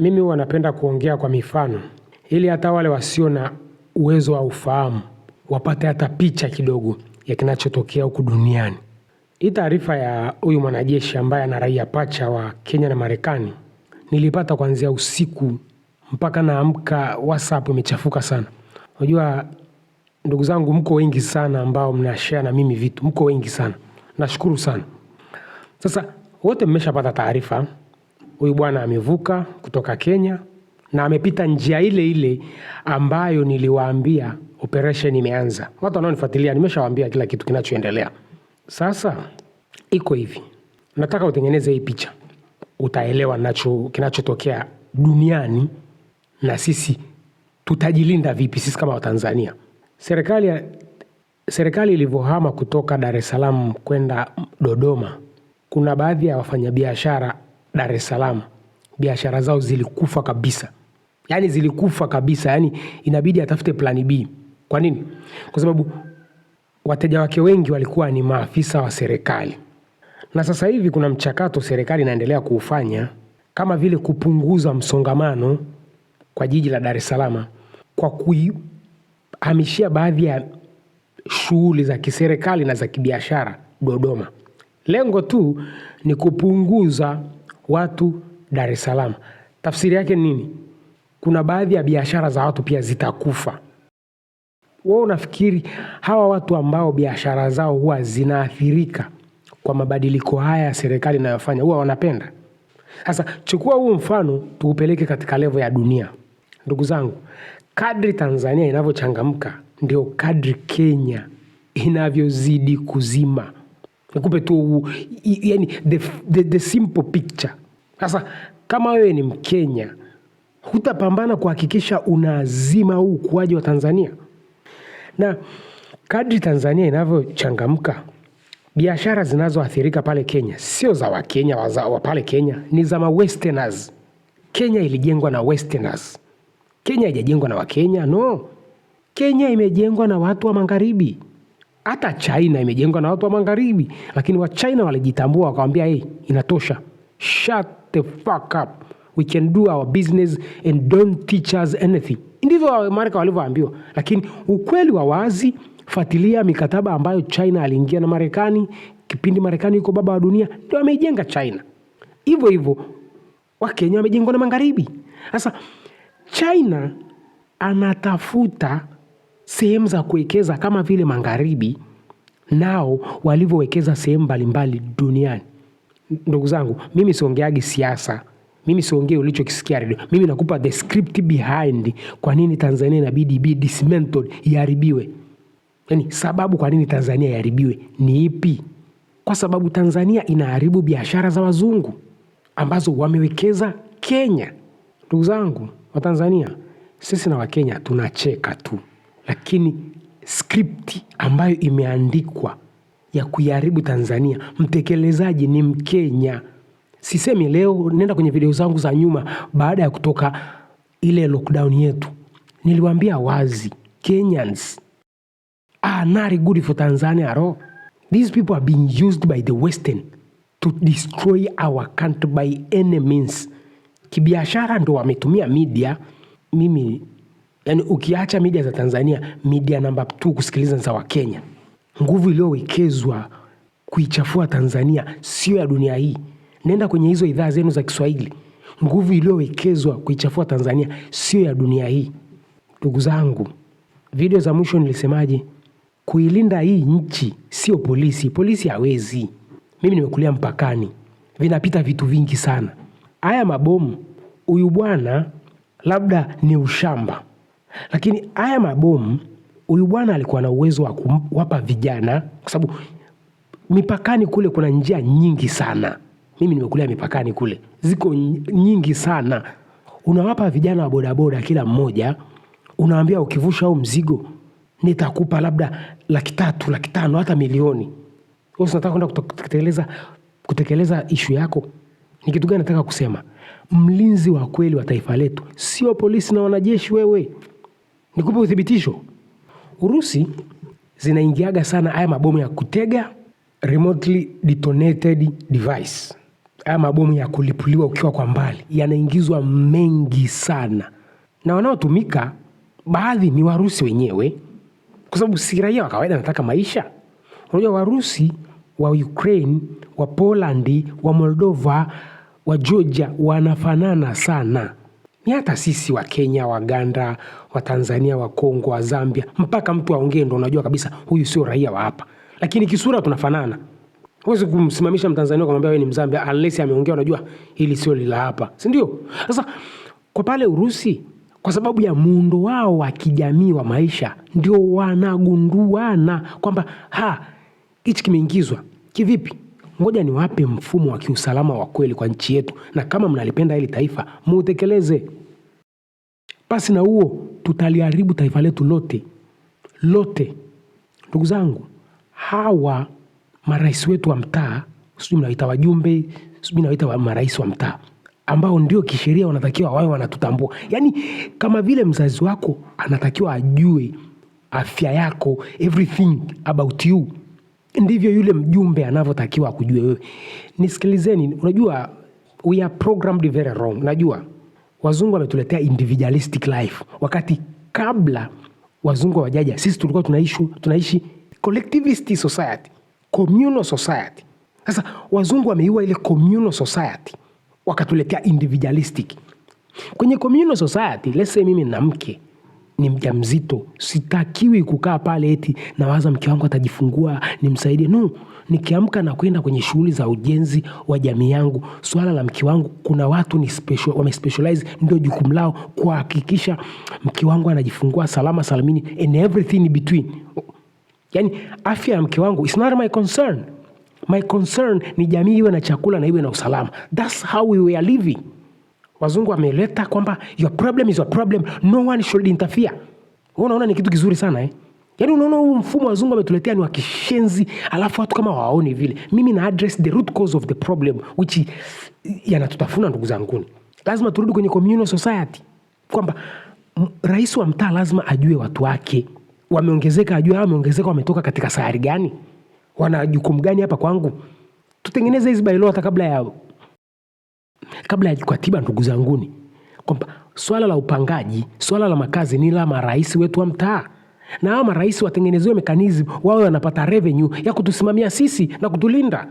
mimi wanapenda kuongea kwa mifano ili hata wale wasio na uwezo wa ufahamu wapate hata picha kidogo ya kinachotokea huku duniani. Hii taarifa ya huyu mwanajeshi ambaye ana raia pacha wa Kenya na Marekani nilipata kuanzia usiku mpaka naamka, WhatsApp imechafuka sana. Unajua ndugu zangu, mko wengi sana ambao mnashea na mimi vitu, mko wengi sana, nashukuru sana. Sasa wote mmeshapata taarifa huyu bwana amevuka kutoka Kenya na amepita njia ile ile ambayo niliwaambia operation imeanza. Watu wanaonifuatilia nimeshawaambia kila kitu kinachoendelea. Sasa iko hivi, nataka utengeneze hii picha, utaelewa nacho kinachotokea duniani na sisi tutajilinda vipi sisi kama Watanzania. Serikali, serikali ilivyohama kutoka Dar es Salaam kwenda Dodoma, kuna baadhi ya wafanyabiashara Dar es Salaam, biashara zao zilikufa kabisa, yani zilikufa kabisa, yani inabidi atafute plani B. Kwa nini? Kwa sababu wateja wake wengi walikuwa ni maafisa wa serikali, na sasa hivi kuna mchakato serikali inaendelea kuufanya kama vile kupunguza msongamano kwa jiji la Dar es Salaam kwa kuihamishia baadhi ya shughuli za kiserikali na za kibiashara Dodoma. Lengo tu ni kupunguza watu Dar es Salaam. Tafsiri yake nini? Kuna baadhi ya biashara za watu pia zitakufa. Wewe unafikiri hawa watu ambao biashara zao huwa zinaathirika kwa mabadiliko haya ya serikali inayofanya huwa wanapenda? Sasa chukua huu mfano tuupeleke katika levo ya dunia. Ndugu zangu, kadri Tanzania inavyochangamka ndio kadri Kenya inavyozidi kuzima nikupe tu yani, the, the, the simple picture. Sasa kama wewe ni Mkenya hutapambana kuhakikisha unazima huu ukuaji wa Tanzania, na kadri Tanzania inavyochangamka biashara zinazoathirika pale Kenya sio za Wakenya wa pale Kenya, ni za Westerners. Kenya ilijengwa na westerners. Kenya haijajengwa na Wakenya, no. Kenya imejengwa na watu wa magharibi. Hata China imejengwa na watu wa magharibi, lakini wa China walijitambua wakawambia, hey, inatosha, shut the fuck up, we can do our business and don't teach us anything. Ndivyo Wamarika walivyoambiwa, lakini ukweli wa wazi, fuatilia mikataba ambayo China aliingia na Marekani kipindi Marekani yuko baba wa dunia, ndio ameijenga China. Hivyo hivyo Wakenya wamejengwa na magharibi. Sasa China anatafuta sehemu za kuwekeza kama vile magharibi nao walivyowekeza sehemu mbalimbali duniani. Ndugu zangu, mimi siongeagi siasa, mimi siongee ulichokisikia redio, mimi nakupa the script behind kwa nini Tanzania inabidi be dismantled, iharibiwe. Yani sababu kwa nini Tanzania iharibiwe ni ipi? Kwa sababu Tanzania inaharibu biashara za wazungu ambazo wamewekeza Kenya. Ndugu zangu Watanzania, sisi na Wakenya tunacheka tu lakini skripti ambayo imeandikwa ya kuiharibu Tanzania, mtekelezaji ni Mkenya. Sisemi leo, nenda kwenye video zangu za nyuma, baada ya kutoka ile lockdown yetu, niliwaambia wazi Kenyans are not good for Tanzania at all. These people are being used by the western to destroy our country by any means. Kibiashara ndo wametumia media. Mimi yani ukiacha media za Tanzania, media namba mbili kusikiliza za Wakenya. Nguvu iliyowekezwa kuichafua Tanzania sio ya dunia hii. Nenda kwenye hizo idhaa zenu za Kiswahili. Nguvu iliyowekezwa kuichafua Tanzania sio ya dunia hii. Ndugu zangu, video za mwisho nilisemaje? Kuilinda hii nchi sio polisi. Polisi hawezi. Mimi nimekulia mpakani, vinapita vitu vingi sana. Haya mabomu, huyu bwana labda ni ushamba. Lakini haya mabomu, huyu bwana alikuwa na uwezo wa kuwapa vijana, kwa sababu mipakani kule kuna njia nyingi sana. Mimi nimekulia mipakani kule, ziko nyingi sana. Unawapa vijana wa bodaboda kila mmoja, unawambia ukivusha huu mzigo nitakupa labda laki tatu, laki tano, hata milioni. Wewe kwenda kutekeleza kutekeleza ishu yako. Ni kitu gani nataka kusema? Mlinzi wa kweli wa taifa letu sio polisi na wanajeshi wewe. Nikupe uthibitisho, Urusi zinaingiaga sana haya mabomu ya kutega remotely detonated device, haya mabomu ya kulipuliwa ukiwa kwa mbali yanaingizwa mengi sana, na wanaotumika baadhi ni Warusi wenyewe, kwa sababu si raia wa kawaida, anataka maisha. Unajua Warusi wa Ukraine, wa Polandi, wa Moldova, wa Georgia wanafanana sana ni hata sisi wa Kenya, Waganda, wa Tanzania, wa Kongo, wa Zambia, mpaka mtu aongee ndo unajua kabisa huyu sio raia wa hapa, lakini kisura tunafanana. Huwezi kumsimamisha Mtanzania kumwambia ni Mzambia unless ameongea, unajua hili sio lila hapa, sindio Sasa kwa pale Urusi, kwa sababu ya muundo wao wa kijamii wa maisha, ndio wanagunduana kwamba ha, hichi kimeingizwa kivipi? Ngoja niwape mfumo wa kiusalama wa kweli kwa nchi yetu, na kama mnalipenda hili taifa muutekeleze. Basi na huo tutaliharibu taifa letu lote lote. Ndugu zangu, hawa marais wetu wa mtaa, sijui nawaita wajumbe, sijui nawaita marais wa mtaa ambao ndio kisheria wanatakiwa wawe wanatutambua. Yaani kama vile mzazi wako anatakiwa ajue afya yako, everything about you, ndivyo yule mjumbe anavyotakiwa akujue wewe. Nisikilizeni, unajua we are programmed very wrong, najua wazungu wametuletea individualistic life, wakati kabla wazungu wajaja sisi tulikuwa tunaishi, tunaishi collectivist society, communal society. Sasa wazungu wameiua ile communal society wakatuletea individualistic. Kwenye communal society, let's say mimi na mke ni mjamzito, sitakiwi kukaa pale eti nawaza mke wangu atajifungua nimsaidie. No, nikiamka na kwenda kwenye shughuli za ujenzi wa jamii yangu. Swala la mke wangu, kuna watu ni special, wame specialize, ndio jukumu lao kuhakikisha mke wangu anajifungua salama salamini and everything in between. yani afya ya mke wangu is not my concern. My concern ni jamii iwe na chakula na iwe na usalama. That's how we are living wazungu wameleta kwamba your problem is your problem, no one should interfere. Unaona ni kitu kizuri sana eh? Yaani unaona huu mfumo wazungu ametuletea ni wa kishenzi, alafu watu kama waoni vile. Mimi na address the root cause of the problem which yanatutafuna ndugu zanguni. Lazima turudi kwenye communal society kwamba rais wa mtaa lazima ajue watu wake wameongezeka, ajue hao wameongezeka wametoka katika sayari gani, wana jukumu gani hapa kwangu. Tutengeneze hizi bylaw hata kabla ya kabla ya katiba, ndugu zanguni, kwamba swala la upangaji, swala la makazi ni la marais wetu wa mtaa, na hawa marais watengenezewe mekanizmu, wawe wanapata revenue ya kutusimamia sisi na kutulinda.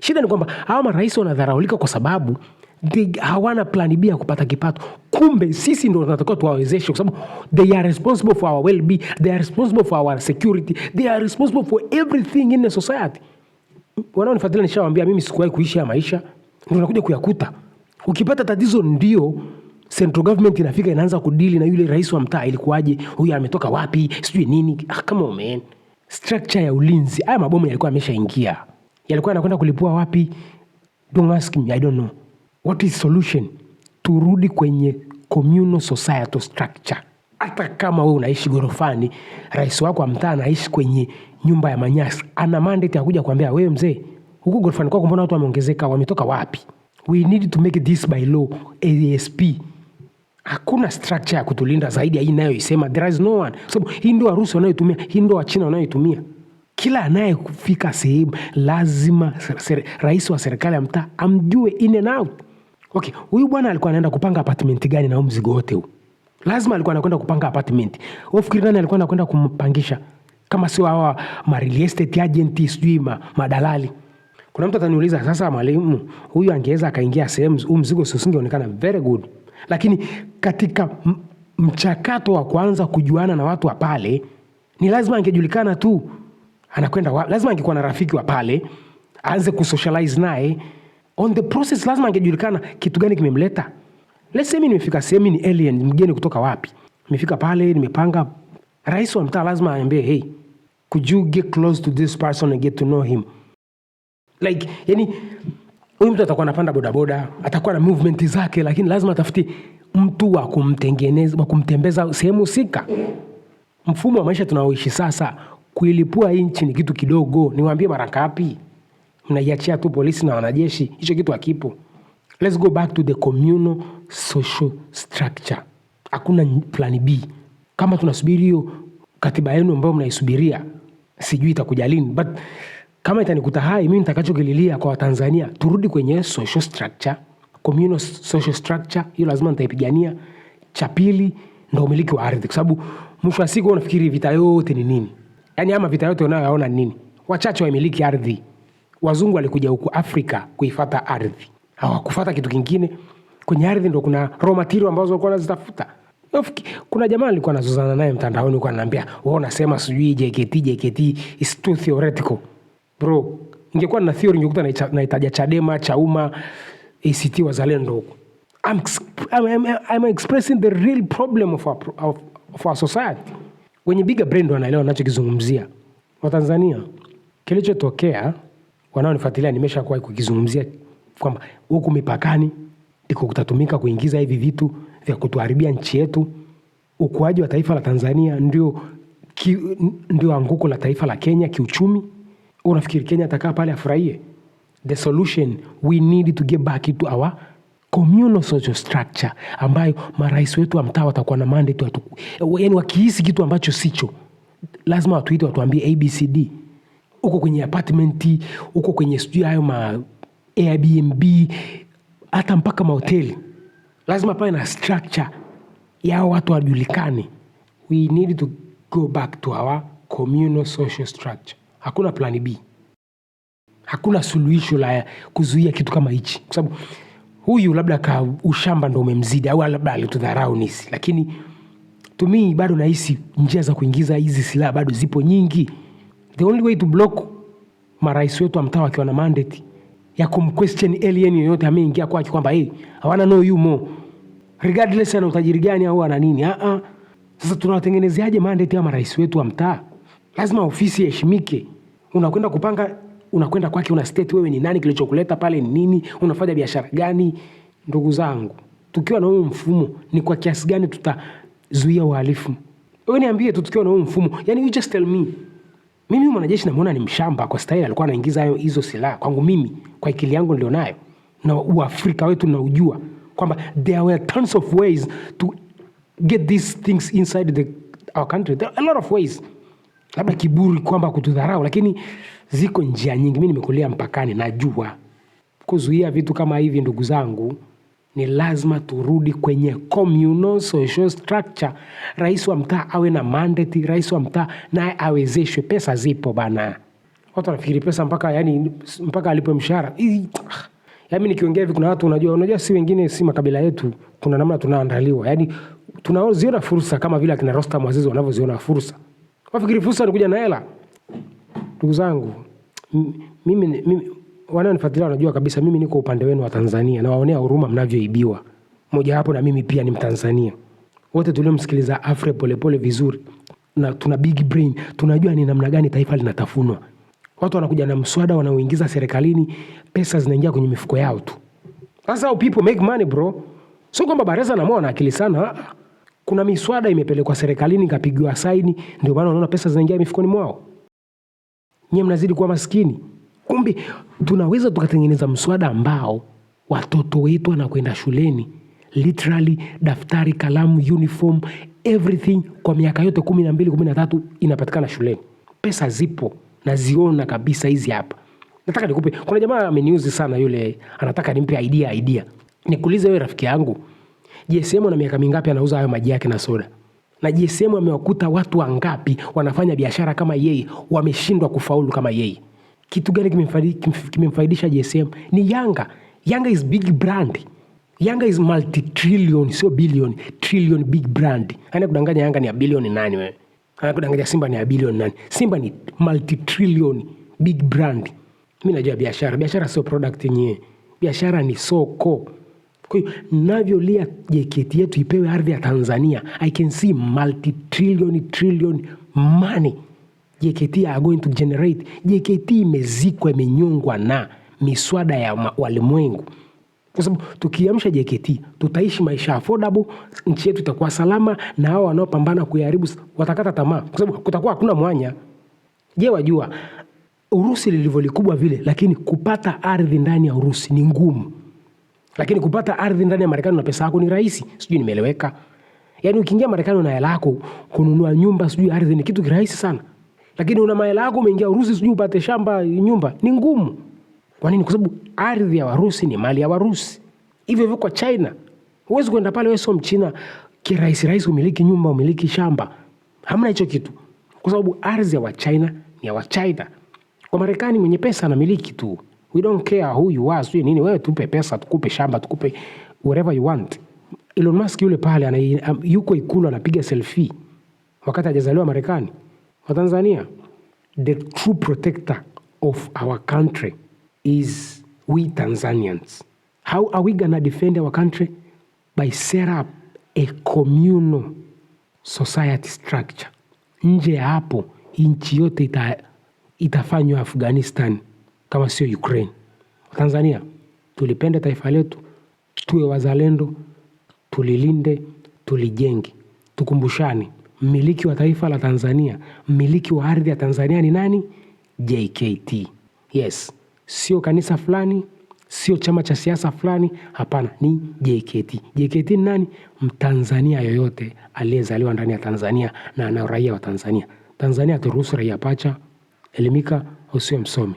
Shida ni kwamba hawa marais wanadharaulika kwa sababu hawana plani B ya kupata kipato. Kumbe sisi ndo tunatakiwa tuwawezeshe, kwa sababu they are responsible for our well-being, they are responsible for our security, they are responsible for everything in the society. Wanaonifuatilia nishawaambia, mimi sikuwahi kuishi ya maisha unakuja kuyakuta. Ukipata tatizo ndio central government inafika inaanza kudili na yule rais wa mtaa, ilikuwaje, huyu ametoka wapi, sijui nini. Ah, come on man, structure ya ulinzi. Haya mabomu yalikuwa yameshaingia, yalikuwa yanakwenda kulipua wapi? Don't ask me, I don't know. What is solution? Turudi kwenye communal societal structure. Hata kama wewe unaishi gorofani, rais wako wa mtaa anaishi kwenye nyumba ya manyasi, ana mandate ya kuja kuambia wewe mzee huku gorofani kwako, mbona watu wameongezeka? Wametoka wapi? We need to make this by law ASP. Hakuna structure ya kutulinda zaidi ya hii inayoisema, there is no one, sababu hii ndo Warusi wanayoitumia, hii ndo Wachina wanayoitumia. Kila anayekufika sehemu lazima rais wa serikali ya mtaa amjue in and out. Okay, huyu bwana alikuwa anaenda kupanga apartment gani na mzigo wote huu? Lazima alikuwa anakwenda kupanga apartment. Unafikiri nani alikuwa anakwenda kumpangisha kama sio hawa ma real sijui madalali? ma kuna mtu ataniuliza sasa, mwalimu huyu angeweza akaingia sehemu, huu mzigo usingeonekana. Very good, lakini katika mchakato wa kuanza kujuana na watu wa pale ni lazima angejulikana tu anakwenda wa, lazima angekuwa na rafiki wa pale aanze kusocialize naye on the process, lazima angejulikana kitu gani kimemleta. Let's say mimi nimefika sehemu ni alien, mgeni kutoka wapi, nimefika pale, nimepanga. Rais wa mtaa lazima aambie hey, could you get close to this person and get to know him like yani huyu mtu atakuwa anapanda bodaboda, atakuwa na movement zake, lakini lazima atafute mtu wa kumtengeneza, wa kumtembeza sehemu sika Mfumo wa maisha tunaoishi sasa, kuilipua hii nchi ni kitu kidogo. Niwaambie mara ngapi? Mnaiachia tu polisi na wanajeshi, hicho kitu hakipo. Let's go back to the communal social structure. Hakuna plan B kama tunasubiri hiyo katiba yenu ambayo mnaisubiria, sijui itakuja lini but kama itanikuta hai, mimi nitakachokililia kwa Watanzania, turudi kwenye social structure, communal social structure, hiyo lazima nitaipigania. Cha pili ndo umiliki wa ardhi, kwa sababu mwisho wa siku unafikiri vita yote ni nini? Yaani ama vita yote unayoyaona ni nini? Wachache wamiliki ardhi. Wazungu walikuja huku Afrika kuifata ardhi, hawakufata kitu kingine. Kwenye ardhi ndo kuna romatiro ambazo walikuwa nazitafuta Kuna jamaa alikuwa anazozana naye mtandaoni, alikuwa ananiambia wa unasema sijui JKT JKT is too theoretical bro, ingekuwa na theory ningekuta naitaja Chadema, Chauma, ACT Wazalendo huko. I'm, I'm, I'm expressing the real problem of our, of, of our society. Wenye bigger brain ndo wanaelewa nachokizungumzia. Watanzania, kilichotokea wanaonifuatilia, nimesha kukizungumzia kwamba huku mipakani ndiko kutatumika kuingiza hivi vitu vya kutuharibia nchi yetu. Ukuaji wa taifa la Tanzania ndio, ki, ndio anguko la taifa la Kenya kiuchumi. Unafikiri Kenya atakaa pale afurahie? The solution we need to get back into our communal social structure ambayo marais wetu wa mtaa watakuwa na mandate watu, yani wakihisi kitu ambacho sicho lazima watuite watuambie abcd huko kwenye apartment huko kwenye sijui hayo ma airbnb hata mpaka mahoteli lazima pawe na structure yao watu wajulikane we need to go back to our communal social structure hakuna plani B, hakuna suluhisho la kuzuia kitu kama hichi, kwa sababu huyu labda ka ushamba ndo umemzidi au labda alitudharau nisi, lakini tumi bado nahisi njia za kuingiza hizi silaha bado zipo nyingi. The only way to block marais wetu wa mtaa wakiwa na mandate ya kumquestion alien yoyote ameingia kwake kwamba hey, hawana no you regardless ana utajiri gani au ana nini. Ah, ah. Sasa tunawatengenezeaje mandate ya marais wetu wa mtaa? lazima ofisi iheshimike. Unakwenda kupanga, unakwenda kwake, una state wewe ni nani, kilichokuleta pale ni nini, unafanya biashara gani. Ndugu zangu, tukiwa na huo mfumo, ni kwa kiasi gani tutazuia uhalifu? Wewe niambie tu, tukiwa na huo mfumo, yani you just tell me mimi huyu mwanajeshi namuona ni mshamba kwa style alikuwa anaingiza hayo hizo silaha kwangu mimi, kwa akili yangu nilionayo na uafrika wetu naujua kwamba there were tons of ways to get these things inside the, our country. There are a lot of ways labda kiburi kwamba kutudharau, lakini ziko njia nyingi. mi nimekulia mpakani, najua kuzuia vitu kama hivi. Ndugu zangu, ni lazima turudi kwenye communal social structure. Rais wa mtaa awe na mandate, rais wa mtaa naye awezeshwe. Pesa zipo bana, watu wanafikiri pesa mpaka yani, mpaka alipwe mshahara. Yaani nikiongea hivi kuna watu unajua, unajua si wengine, si makabila yetu, kuna namna tunaandaliwa, yaani tunaziona fursa kama vile akina Rostam Aziz wanavyoziona fursa. Wafikiri fursa alikuja na hela. Ndugu zangu, mimi, mimi wanaonifuatilia wanajua kabisa mimi niko upande wenu wa Tanzania na waonea huruma mnavyoibiwa. Mmoja wapo na mimi pia ni Mtanzania. Wote tuliomsikiliza Afre Polepole vizuri na tuna big brain, tunajua ni namna gani taifa linatafunwa. Watu wanakuja na mswada wanaoingiza serikalini, pesa zinaingia kwenye mifuko yao tu. Sasa people make money bro. Sio kwamba Bareza na mwana akili sana. Ah, ah. Kuna miswada imepelekwa serikalini ikapigiwa saini, ndio maana unaona pesa zinaingia mifukoni mwao. Nyie mnazidi kuwa maskini, kumbe tunaweza tukatengeneza mswada ambao watoto wetu wanakwenda shuleni literally, daftari, kalamu, uniform, everything kwa miaka yote kumi na mbili kumi na tatu inapatikana shuleni. Pesa zipo, naziona kabisa hizi hapa. Nataka nikupe, kuna jamaa ameniuzi sana yule, anataka nimpe idea idea. Nikuulize wewe rafiki yangu JSM ana miaka mingapi anauza hayo maji yake na soda? Na JSM amewakuta watu wangapi wanafanya biashara kama yeye, wameshindwa kufaulu kama yeye? Kitu gani kimemfaidisha JSM? Ni Yanga. Yanga is big brand. Yanga is multi trillion, sio billion, trillion big brand. Ana kudanganya Yanga ni ya billion nani wewe? Ana kudanganya Simba ni ya billion nani? Simba ni multi trillion big brand. Mimi najua biashara. Biashara sio product yenyewe. Biashara ni soko. Kwa hiyo navyolia jeketi yetu ipewe ardhi ya Tanzania, I can see multi trillion trillion money JKT are going to generate. JKT imezikwa imenyongwa na miswada ya walimwengu, kwa sababu tukiamsha JKT tutaishi maisha affordable, nchi yetu itakuwa salama, na hao wanaopambana kuiharibu watakata tamaa, kwa sababu kutakuwa hakuna mwanya. Je, wajua Urusi lilivyo likubwa vile, lakini kupata ardhi ndani ya Urusi ni ngumu. Lakini kupata ardhi ndani ya Marekani na pesa yako ni rahisi. Sijui nimeeleweka. Yaani ukiingia Marekani na hela yako kununua nyumba sijui ardhi ni kitu kirahisi sana. Lakini una hela yako umeingia Urusi sijui upate shamba, nyumba ni ngumu. Kwa nini? Kwa sababu ardhi ya Warusi ni mali ya Warusi. Hivyo hivyo kwa China. Huwezi kwenda pale wewe sio Mchina kirahisi rahisi umiliki nyumba, umiliki shamba. Hamna hicho kitu. Kwa sababu ardhi ya Wachina ni ya Wachina. Kwa Marekani mwenye pesa anamiliki tu. We don't care who you are, sio nini, wewe tupe pesa, tukupe shamba, tukupe whatever you want. Elon Musk yule pale ana, yuko Ikulu anapiga selfie wakati hajazaliwa Marekani. tanzania the true protector of our country is we Tanzanians. How are we gonna defend our country? By set up a communal society structure. Nje ya hapo nchi yote ita, itafanywa Afghanistan kama sio Ukraine. Tanzania tulipende taifa letu, tuwe wazalendo, tulilinde, tulijenge, tukumbushane mmiliki wa taifa la Tanzania, mmiliki wa ardhi ya Tanzania ni nani? JKT. Yes, sio kanisa fulani, sio chama cha siasa fulani, hapana, ni JKT. JKT ni nani? Mtanzania yoyote aliyezaliwa ndani ya Tanzania na ana uraia wa Tanzania. Tanzania turuhusu raia pacha. Elimika usiwe msomi.